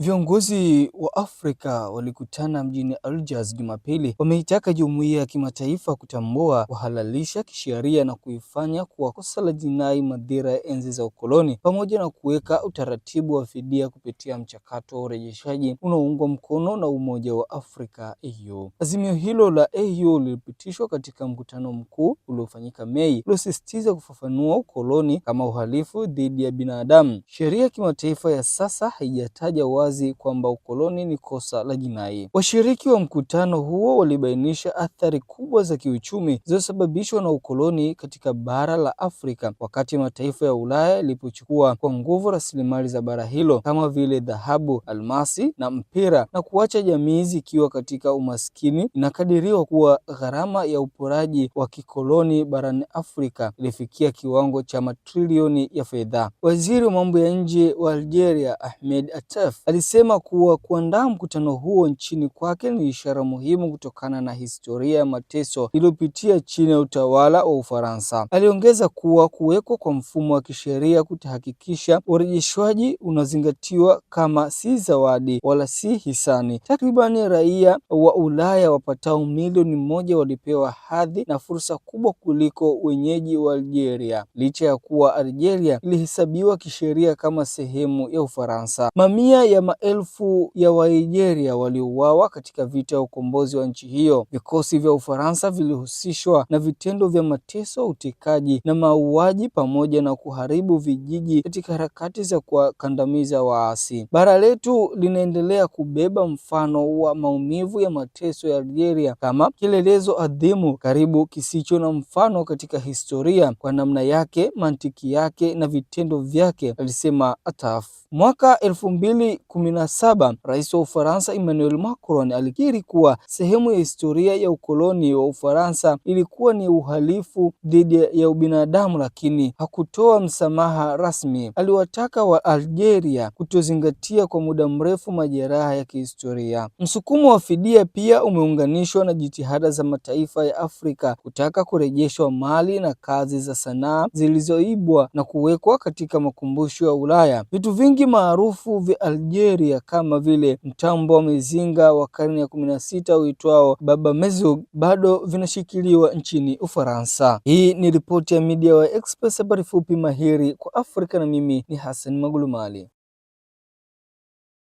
Viongozi wa Afrika walikutana mjini Algiers Jumapili, wameitaka jumuiya ya kimataifa kutambua, kuhalalisha kisheria na kuifanya kuwa kosa la jinai madhira ya enzi za ukoloni, pamoja na kuweka utaratibu wa fidia kupitia mchakato wa urejeshaji unaoungwa mkono na Umoja wa Afrika AU. Azimio hilo la AU lilipitishwa katika mkutano mkuu uliofanyika Mei, uliosisitiza kufafanua ukoloni kama uhalifu dhidi ya binadamu. Sheria ya kimataifa ya sasa haijataja wazi kwamba ukoloni ni kosa la jinai. Washiriki wa mkutano huo walibainisha athari kubwa za kiuchumi zilizosababishwa na ukoloni katika bara la Afrika wakati mataifa ya Ulaya yalipochukua kwa nguvu rasilimali za bara hilo kama vile dhahabu, almasi na mpira na kuacha jamii zikiwa katika umaskini. Inakadiriwa kuwa gharama ya uporaji wa kikoloni barani Afrika ilifikia kiwango cha matrilioni ya fedha. Waziri wa mambo ya nje wa Algeria Ahmed Attaf alisema kuwa kuandaa mkutano huo nchini kwake ni ishara muhimu kutokana na historia ya mateso iliyopitia chini ya utawala wa Ufaransa. Aliongeza kuwa kuwekwa kwa mfumo wa kisheria kutahakikisha urejeshwaji unazingatiwa kama si zawadi wala si hisani. Takribani raia wa Ulaya wapatao milioni moja walipewa hadhi na fursa kubwa kuliko wenyeji wa Algeria, licha ya kuwa Algeria ilihesabiwa kisheria kama sehemu ya Ufaransa. Mamia ya maelfu ya Wanigeria waliouawa katika vita ya ukombozi wa nchi hiyo. Vikosi vya Ufaransa vilihusishwa na vitendo vya mateso, utekaji na mauaji pamoja na kuharibu vijiji katika harakati za kuwakandamiza waasi. Bara letu linaendelea kubeba mfano wa maumivu ya mateso ya Algeria kama kielelezo adhimu karibu kisicho na mfano katika historia kwa namna yake, mantiki yake na vitendo vyake, alisema Ataf. Mwaka elfu mbili kumi na saba rais wa Ufaransa Emmanuel Macron alikiri kuwa sehemu ya historia ya ukoloni wa Ufaransa ilikuwa ni uhalifu dhidi ya ubinadamu, lakini hakutoa msamaha rasmi. Aliwataka wa Algeria kutozingatia kwa muda mrefu majeraha ya kihistoria. Msukumo wa fidia pia umeunganishwa na jitihada za mataifa ya Afrika kutaka kurejeshwa mali na kazi za sanaa zilizoibwa na kuwekwa katika makumbusho ya Ulaya. Vitu vingi maarufu vya Algeria bakteria kama vile mtambo wa mizinga wa karne ya kumi na sita uitwao Baba Mezug bado vinashikiliwa nchini Ufaransa. Hii ni ripoti ya Media wa Express, habari fupi mahiri kwa Afrika, na mimi ni Hassan magulumali